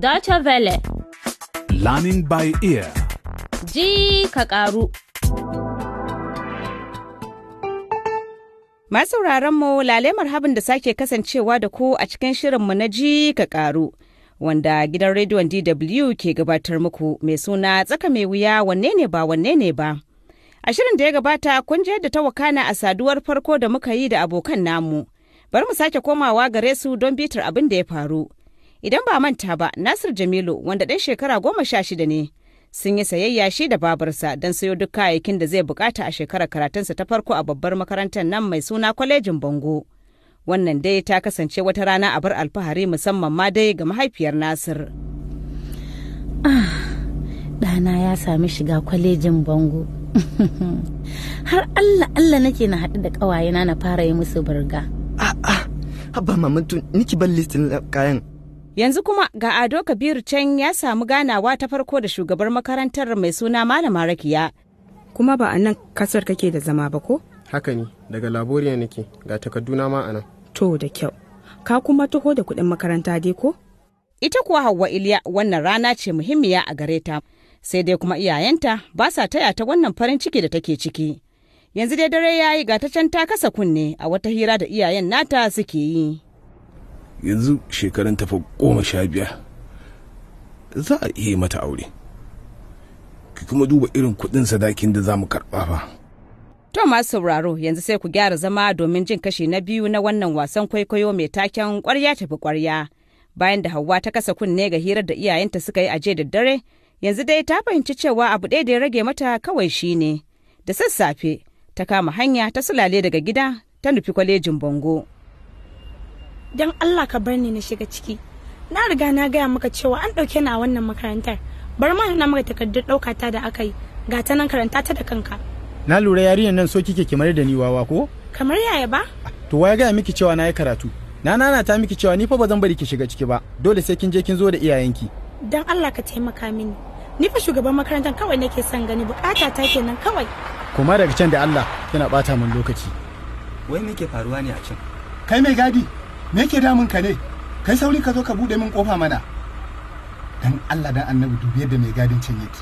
Deutsche Welle. Learning by ear. Ji ka karu. Masu mu lale marhabin da sake kasancewa da ku a cikin shirinmu na ji ka karu Wanda gidan rediyon DW ke gabatar muku mai suna tsaka mai wuya wanne ne ba wanne ne ba. A shirin da ya gabata kun je da tawakana a saduwar farko da muka yi da abokan namu. Bari mu sake komawa gare su don bitar abin da ya faru. Idan ba manta ba, Nasir Jamilu wanda ɗan shekara goma sha shida ne sun yi sayayya shi da babarsa don sayo duk kayayyakin da zai bukata a shekarar karatunsa ta farko a babbar makarantar nan mai suna kwalejin Bango. Wannan dai ta kasance wata rana a bar alfahari musamman ma dai ga mahaifiyar Nasir. Ah, ɗana ya sami shiga kwalejin Bango. Har Allah Allah nake na haɗu da ƙawayena na fara yi musu burga. A'a, ah, ah, haba mamantu niki ban listin kayan Yanzu kuma ga Ado Kabiru can ya samu ganawa ta farko da shugabar makarantar mai suna Malama Rakiya. Kuma ba a nan kasar kake da zama ba ko? Haka ne, daga Laboriya nake, ga takarduna ma a nan. To da kyau. Ka kuma taho da kuɗin makaranta dai ko? Ita kuwa Hauwa Iliya wannan rana ce muhimmiya a gare ta. Sai dai kuma iyayenta ba sa taya ta wannan farin ciki da take ciki. Yanzu dai dare ya yi ga ta can ta kasa kunne a wata hira da iyayen nata suke yi. yanzu shekarun tafa goma sha biyar za a iya mata aure ki kuma duba irin kuɗin sadakin da za mu karɓa ba. To masu sauraro yanzu sai ku gyara zama domin jin kashi na biyu na wannan wasan kwaikwayo mai taken kwarya tafi kwarya Bayan da hawa ta kasa kunne ga hirar da iyayenta suka yi aje da dare, yanzu dai ta fahimci cewa abu ɗaya da ya rage mata kawai shi ne. Da sassafe, ta kama hanya ta sulale daga gida ta nufi kwalejin bango don Allah ka bar ni na shiga ciki na riga na gaya maka cewa an ɗauke ni a wannan makarantar bar ma na maka takardar ɗaukata da aka yi ga ta nan karanta ta da kanka na lura yarinyar nan so kike kamar da ni wawa ko kamar yaya ba to waya gaya miki cewa na yi karatu na nana ta miki cewa ni fa ba zan bari ki shiga ciki ba dole sai kin je kin zo da iyayenki dan Allah ka taimaka mini ni fa shugaban makarantar kawai nake son gani bukata ta kenan kawai kuma daga can da Allah kina bata min lokaci wai me ke faruwa ne a can kai mai gadi me yake damun ka ne kai sauri ka zo ka bude min kofa mana dan Allah dan annabi dubi yadda mai gadin can yake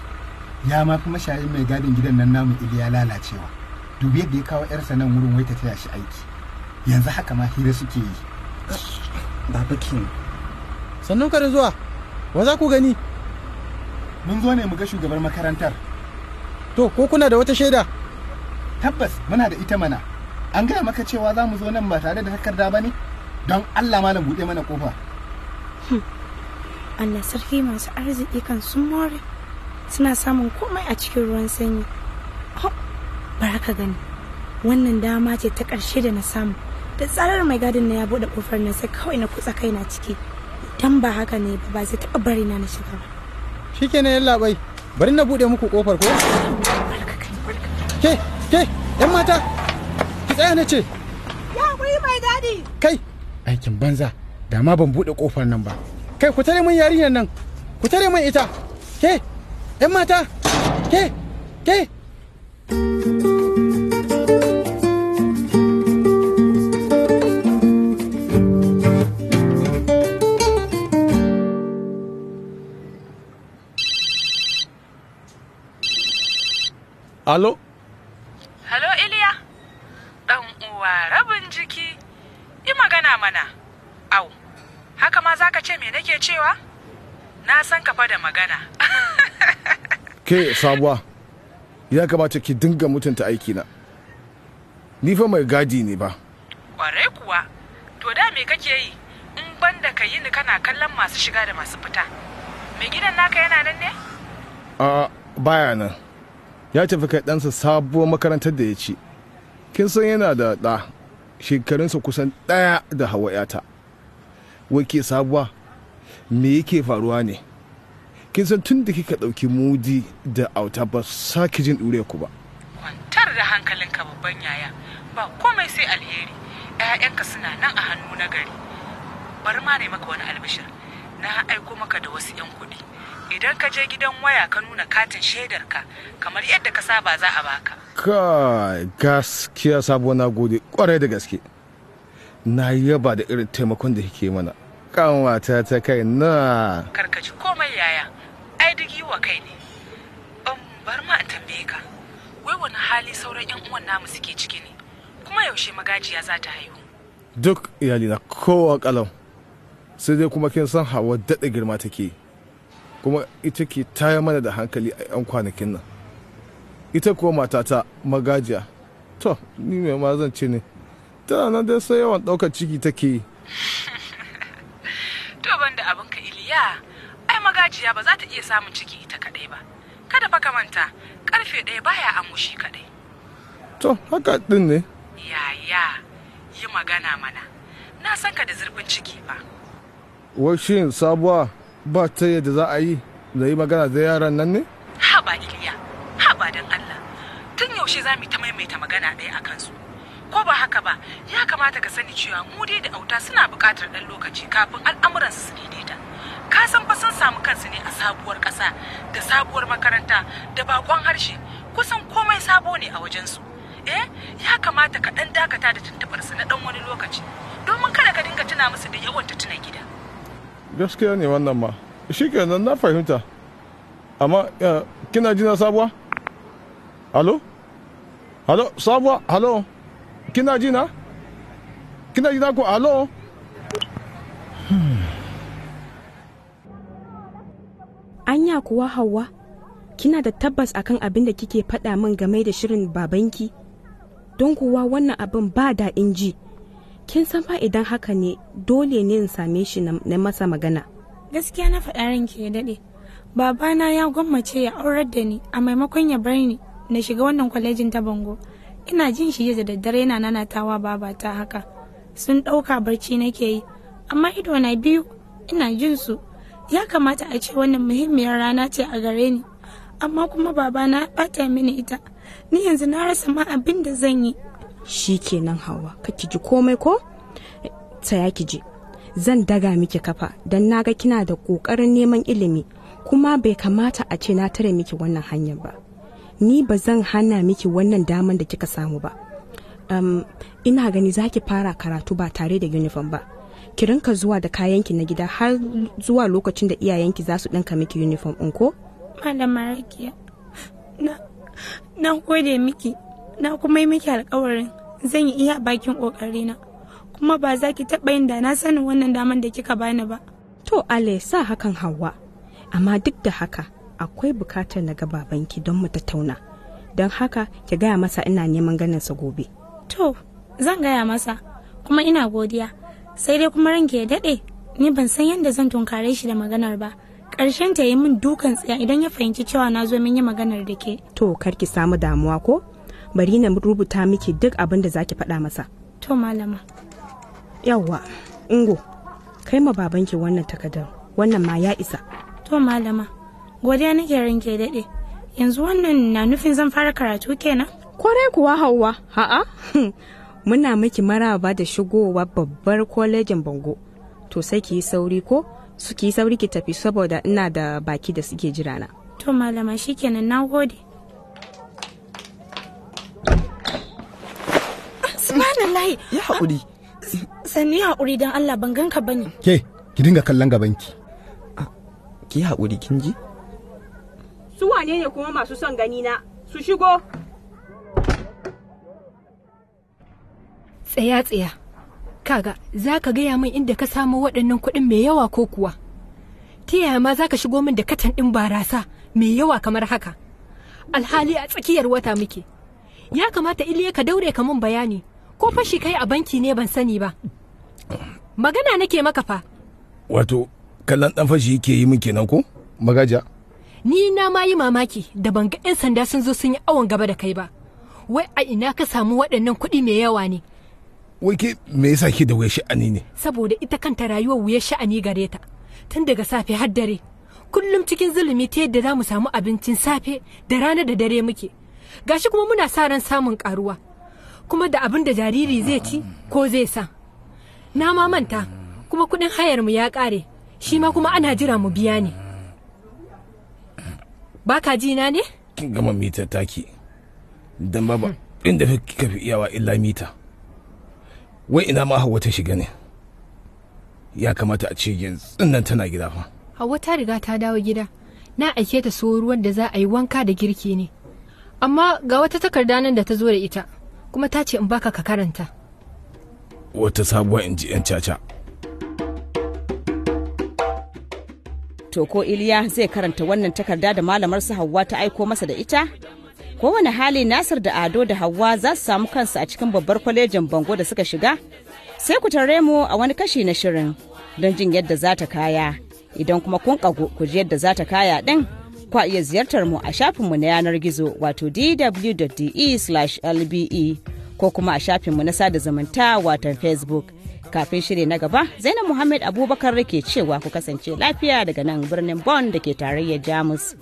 ya ma fi mashayin mai gadin gidan nan namu iliya lalacewa dubi yadda ya kawo yarsa nan wurin wai ta taya shi aiki yanzu haka ma hira suke yi baba king Sannun ka da zuwa wa za ku gani mun zo ne mu ga shugabar makarantar to ko kuna da wata shaida tabbas muna da ita mana an gaya maka cewa za mu zo nan ba tare da takarda ba ne don Allah malam buɗe mana kofa hmm. Allah sarki masu arziki kan sun more suna samun komai a cikin ruwan sanyi baraka gani wannan dama ce ta ƙarshe da na samu da tsarar mai gadin na ya buɗe kofar na sai kawai na kutsa na ciki dan ba haka ne ba ba zai taɓa bari na na shiga ba shikenan yalla bai bari na buɗe muku ƙofar ko ke ke yan mata ki tsaya na ce ya kuyi mai gadi kai aikin banza da ma ban buɗe ƙofar nan ba kai ku tare mun yarinyar nan ku tare mun ita ke yan mata ke ke Alô? haka ma zaka ce me nake cewa na san ka fa da magana ke sabuwa ya kamata ki dinga mutunta aikina ni fa mai gadi ne ba kwarai kuwa to da me kake yi in ban da ka yi ni kana kallon masu shiga da masu fita mai gidan naka yana nan ne a baya nan ya tafi kai ɗansa sabuwar makarantar da ya ci kin san yana da ɗa shekarunsa kusan ɗaya da hawa 'yata wake sabuwa me yake faruwa ne kin san tun da kika ɗauki mudi da auta ba sake jin dure ku ba kwantar da hankalinka babban yaya ba komai sai alheri ƴaƴanka suna nan a hannu na gari bari ma ne maka wani albishir na aiko maka da wasu 'yan kuɗi idan ka je gidan waya ka nuna katin shaidarka kamar yadda ka saba za a baka ka gaskiya sabuwa na gode kwarai da gaske na yaba da irin taimakon da yake mana kanwata ta kai na karkaci komai yaya ai duk wa kai ne um, bar ma in tambaye ka wai wani hali sauran yan uwan namu suke ciki ne kuma yaushe magajiya za ta haihu duk iyalina kowa kalau sai dai kuma kin san hawa daɗe girma take kuma ita ke taya mana da hankali a 'yan kwanakin nan ita kuwa matata magajiya to ni mai ma zan ce ne tana nan dai sai yawan ɗaukar ciki take yi to ban da abinka iliya ai magajiya ba za ta iya samun ciki ita kaɗai ba kada fa ka manta karfe ɗaya baya amushi kaɗai to haka ɗin ne yaya yi magana mana na san ka da zurfin ciki ba wai shin sabuwa ba ta yadda za a yi da yi magana da yaran nan ne haba iliya haba don allah tun yaushe za mu ta maimaita magana ɗaya a kansu ko ba haka ba ya kamata ka sani cewa mu dai da auta suna buƙatar ɗan lokaci kafin al'amuran su daidaita ka san fa sun samu kansu ne a sabuwar ƙasa da sabuwar makaranta da bakon harshe kusan komai sabo ne a wajensu eh ya kamata ka ɗan dakata da tuntuɓar su na ɗan wani lokaci domin kada ka dinga tuna musu da yawan ta tuna gida gaskiya ne wannan ma shi nan na fahimta amma kina jina sabuwa halo halo sabuwa halo kina ji na kina ji na ko alo anya kuwa hawa kina da tabbas akan abin da kike faɗa min game da shirin babanki don kuwa wannan abin ba daɗin ji kin san fa idan haka ne dole ne in same shi na masa magana gaskiya na faɗa ranki ya daɗe babana ya gwammace ya aurar da ni a maimakon ya bar ni na shiga wannan kwalejin ta bango ina jin shi da daddare yana nanatawa babata haka sun ɗauka barci nake yi amma ido na biyu ina jin su ya kamata a ce wannan muhimmiyar rana ce a gare ni amma kuma baba na bata mini ita ni yanzu na rasa ma abin da zan yi Shi kenan hawa kake ji komai ko tsaya ki ji zan daga miki kafa don ga kina da ƙoƙarin neman ilimi kuma bai kamata a ce na tare miki wannan hanyar ba ni ba zan hana miki wannan daman da kika samu ba um, ina gani za ki fara karatu ba tare da uniform ba ki rinka zuwa da kayanki na gida har zuwa lokacin da iyayenki za su ɗinka miki uniform ɗin ko? Malama Rakiya, na, na gode miki, na kuma yi miki alkawarin zan yi iya bakin ƙoƙarina, kuma ba za ki taɓa yin da na sanin wannan daman da kika bani ba. To, Ale, sa hakan hawa, amma duk da haka, akwai bukatar na ga babanki don mu tattauna don haka ki gaya masa ina neman sa gobe to zan gaya masa kuma ina godiya sai dai kuma ranke ya daɗe ni ban san yadda zan tunkare shi da maganar ba karshen ta yi min dukan tsaya idan ya fahimci cewa na zo min yi maganar da ke to kar ki samu damuwa ko bari na rubuta miki duk abin da zaki faɗa masa to malama yawwa ingo kai ma babanki wannan takardar wannan ma ya isa to malama godiya nake ranke daɗe yanzu wannan na nufin zan fara karatu kenan kwarai kuwa hawa ha'a muna miki maraba da shigowa babbar kwalejin bango to sai ki yi sauri ko su ki sauri ki tafi saboda ina da baki da suke na to malama shikenan na gode subhanallahi ya haƙuri ah, sani haƙuri don allah ban ganka bane ke ki dinga kallon gabanki ah, ki haƙuri kin ji wane ne kuma masu son gani su shigo tsaya tsaya kaga za ka gaya min inda ka samo waɗannan kuɗin mai yawa ko kuwa ta yaya ma za ka shigo min da katan ɗin barasa mai yawa kamar haka alhali a tsakiyar wata muke ya kamata iliya ka daure ka min bayani ko fashi kai a banki ne ban sani ba magana nake maka fa wato kallon ɗan fashi yake yi min kenan ko magaja ni na ma yi mamaki da ban ga 'yan sanda sun zo sun yi awon gaba da kai ba wai a ina ka samu waɗannan kuɗi mai yawa ne wai ke me yasa ke da wuyar sha'ani ne saboda ita kanta rayuwar wuyar sha'ani gare ta tun daga safe har dare kullum cikin zulumi ta yadda za mu samu abincin safe da rana da dare muke gashi kuma muna sa ran samun karuwa kuma da abin da jariri zai ci ko zai sa na ma manta kuma kuɗin hayar mu ya ƙare shi ma kuma ana jira mu biya ne baka ka ji na ne kin gama mita taki dan babu inda kika fi iyawa illa mita wai ina ma hawa ta shiga ne ya kamata a ce yanzu nan tana gida fa hawa ta riga ta dawo gida na aike ta so ruwan da za a yi wanka da girki ne amma ga wata takarda nan da ta zo da ita kuma ta ce in baka ka karanta wata sabuwa in ji 'yan caca To ko Iliya zai karanta wannan takarda da malamar su Hauwa ta aiko masa da ita? Kowane hali Nasir da Ado da Hauwa za su samu kansu a cikin babbar kwalejin Bango da suka shiga? Sai ku tare mu a wani kashi na shirin don jin yadda za ta kaya. Idan kuma kun kagu ku ji yadda za ta kaya ɗin, kwa iya ziyartar mu a shafinmu na yanar gizo wato dw.de/lbe e ko kuma a shafinmu na sada zumunta wato Facebook. Kafin shiri na gaba, Zainab Muhammad Abubakar ke cewa ku kasance lafiya daga nan birnin bon da ke tarayyar Jamus.